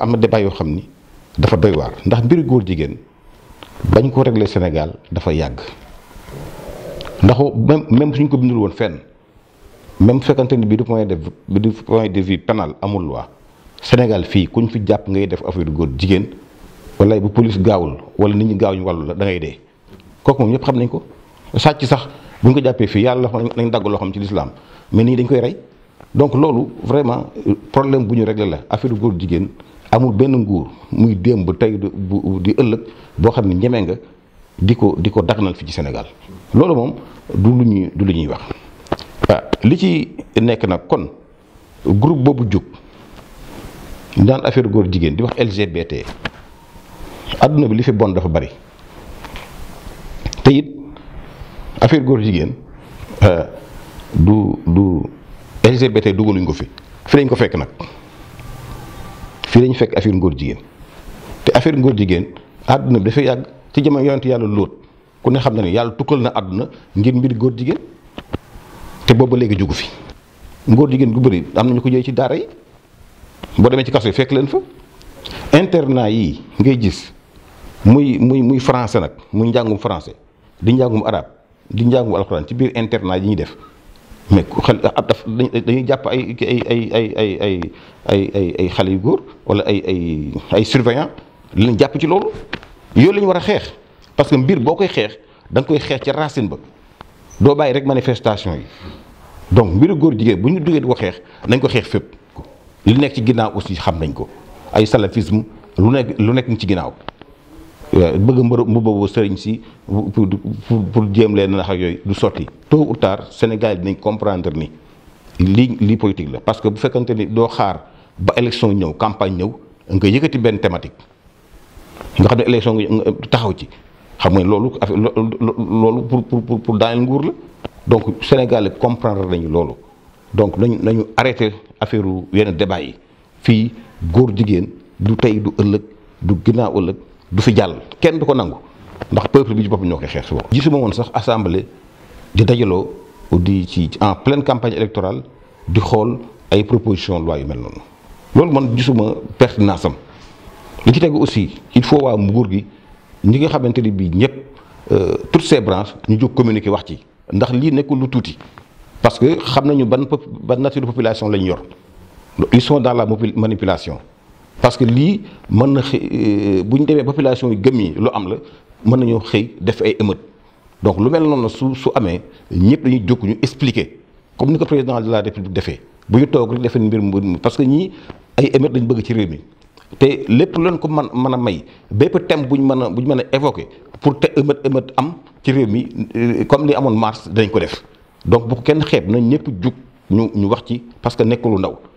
débat am na débat yoo xam ni dafa doy ndax mbiru góor jigéen bañ koo régler Sénégal dafa yàgg ndax même même suñ ko bindul woon fenn même fekkante ni bi du point de bi du point de vue pénal amul loi Sénégal fii kuñ fi jàpp ngay def affaire góor jigéen wala bu police gaawul wala nit ñi gaaw ñu wàllu la da ngay dee kooku moom ñëpp xam nañ ko sàcc sax buñ ko jàppee fii yàlla nañ dagg loo xam ci lislaam mais nit dañ koy rey donc loolu vraiment problème bu ñu réglé la affaire góor jigéen amul benn nguur muy démb bu tey bu di ëllëg boo xam ne ñeme nga di ko di ko daganal fi ci senegal loolu moom du lu ñuy du lu ñuy wax ah li ci nekk nag kon groupe boobu jóg daan affaire góor jigéen di wax LGBT àdduna bi li fi bon dafa bari te it affaire góor jigéen euh, du du LGBT dugaluñ ko fi fi lañ ko fekk nag fii lañu fekk affaire ngóor jigéen te affaire ngóor jigéen àdduna bi dafa yàgg ci jamono yonent yàlla lóot ku ne xam na ni yàlla tukkal na àdduna ngir mbir góor jigéen te boobu léegi jugu fi ngóor jigéen gu bëri am na ñu ko jëy ci daara yi boo demee ci kaso yi fekk leen fa internat yi ngay jis muy muy muy français nag muy njàngum français di njàngum arab di njàngum alxuraan ci biir internat yi ñuy def mais ku xel ab daf dañuy jàpp ay ay ay ay ay ay ay ay ay xale yu góor wala ay ay ay surveillant lañ jàpp ci loolu yooyu la war a xeex parce que mbir boo koy xeex da koy xeex ci racine ba doo bàyyi rek manifestation yi donc mbiru góor jigéen bu ñu duggee di ko xeex nañ ko xeex fépp li nekk ci ginnaaw aussi xam nañ ko ay salafisme lu nekk lu nekk ci ginnaaw bëgg mbër mbuboobu sëriñ si pour pour jéem leen na ak yooyu du sotti tôt ou tard Sénégal dinañ comprendre ni lii lii politique la parce que bu fekkante ni doo xaar ba élection ñëw campagne ñëw nga yëkkati benn thématique nga xam ne élection nga taxaw ci xam nga loolu loolu pour pour pour daaneel nguur la donc Sénégal comprendre nañu loolu donc nañu nañu arrêté affaire yenn débat yi fii góor jigéen du tey du ëllëg du ginnaaw ëllëg. du fi jàll kenn du ko nangu ndax peuple bi ci bop ñoo koy xeex si gisuma won sax assemblée di dajaloo di ci en pleine campagne électorale di xol ay proposition loi yu mel non lool man gisuma pertinence am li ci tegg aussi il faut wa nguur gi ñi nga xamanteni bi bii euh toutes ces branches ñu jóg communiquer wax ci ndax li nekkul lu tuti parce que xamnañu nañu ban ban nature population lañ yor ils sont dans la manipulation parce que li mën na xëy euh, bu ñu demee population yi gëm yi lu am la mën nañoo xey def ay émeute donc lu mel non su su amé ñepp dañuy jóg ñu expliquer comme ni ko président de la république défé. bu ñu toog rek défé mbir mu parce que ñi ay émeute lañ bëgg ci réew mi Té lépp leen ko mën mën may bépp thème buñ mëna buñ mëna évoquer pour té émeute émeute am ci réew mi euh, comme li amoon mars dinañ ko def donc bu ko kenn xép na ñepp jug ñu ñu wax ci parce que nekku lu ndaw.